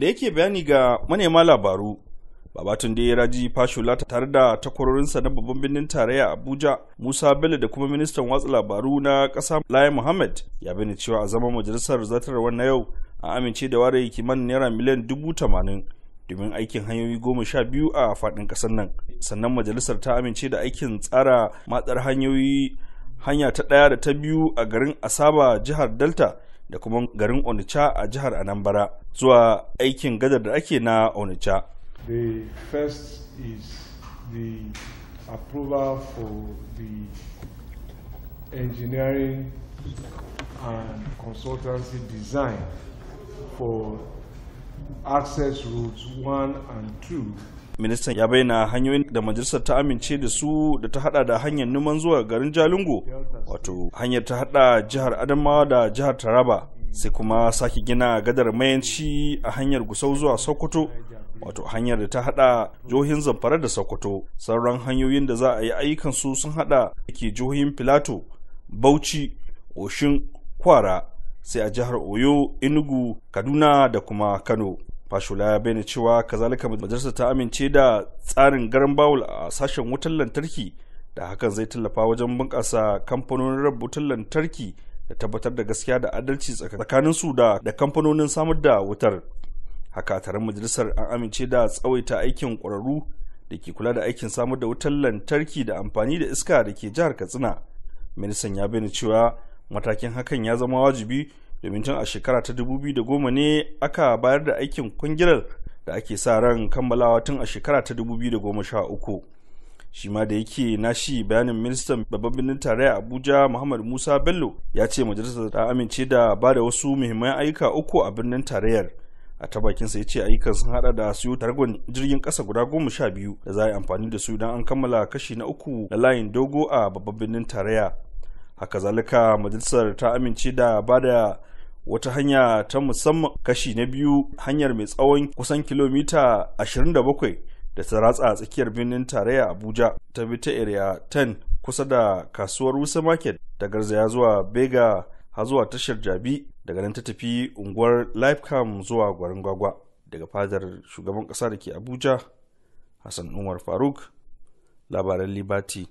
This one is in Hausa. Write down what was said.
da yake bayani ga manema labaru babatun da ya Raji Fashola tare da takwarorinsa na babban birnin tarayya Abuja, Musa Bello da kuma ministan watsa labaru na ƙasa Lai Muhammad ya bani cewa a zaman majalisar zartarwar na yau a amince da ware kimanin naira miliyan dubu tamanin domin aikin hanyoyi goma sha biyu a faɗin ƙasar nan. Sannan majalisar ta amince da aikin tsara matsar hanyoyi hanya ta ɗaya da ta biyu a garin Asaba jihar Delta da kuma garin Onitsha a jihar Anambra zuwa aikin gadar da ake na Onitsha. The first is the approval for the engineering and consultancy design for access routes 1 and 2 ministan ya bayyana hanyoyin da majalisar ta amince da su da ta hada da hanyar numan zuwa garin jalingo wato hanyar ta hada jihar adamawa da jihar taraba sai kuma sake gina gadar mayanci a hanyar gusau zuwa sokoto wato hanyar da ta hada jihohin zamfara da sokoto sauran hanyoyin da za a yi ayyukan su sun hada ke jihohin filato bauchi oshin kwara sai a jihar oyo enugu kaduna da kuma kano fashula ya bayyana cewa kazalika majalisar ta amince da tsarin garin bawul a sashen wutar lantarki da hakan zai tallafa wajen bunƙasa kamfanonin rabu wutar lantarki da tabbatar da gaskiya da adalci tsakanin su da da kamfanonin samar da wutar haka taron majalisar an amince da tsawaita aikin ƙwararru da ke kula da aikin samar da wutar lantarki da amfani da iska da ke jihar katsina ministan ya bayyana cewa matakin hakan ya zama wajibi domin tun a shekara ta 2010 ne aka bayar da aikin kungiyar da ake sa ran kammalawa tun a shekara ta 2013 shi ma da yake nashi bayanin ministan babban birnin tarayya abuja muhammad musa bello ya ce majalisar ta amince da ba da wasu muhimman ayyuka uku a birnin tarayyar a ta bakinsa ya ce ayyukan sun hada da siyo targon jirgin kasa guda goma sha biyu da za a yi amfani da su idan an kammala kashi na uku na layin dogo a babban birnin tarayya haka zalika majalisar ta amince da ba da wata hanya ta musamman kashi na biyu hanyar mai tsawon kusan kilomita 27 da ta ratsa a tsakiyar birnin tarayya abuja ta bi ta area 10 kusa da kasuwar wusa market da garzaya zuwa bega har zuwa tashar jabi daga nan ta tafi unguwar lifecam zuwa gwarin gwagwa daga fadar shugaban kasa da ke abuja hassan umar faruk labaran libati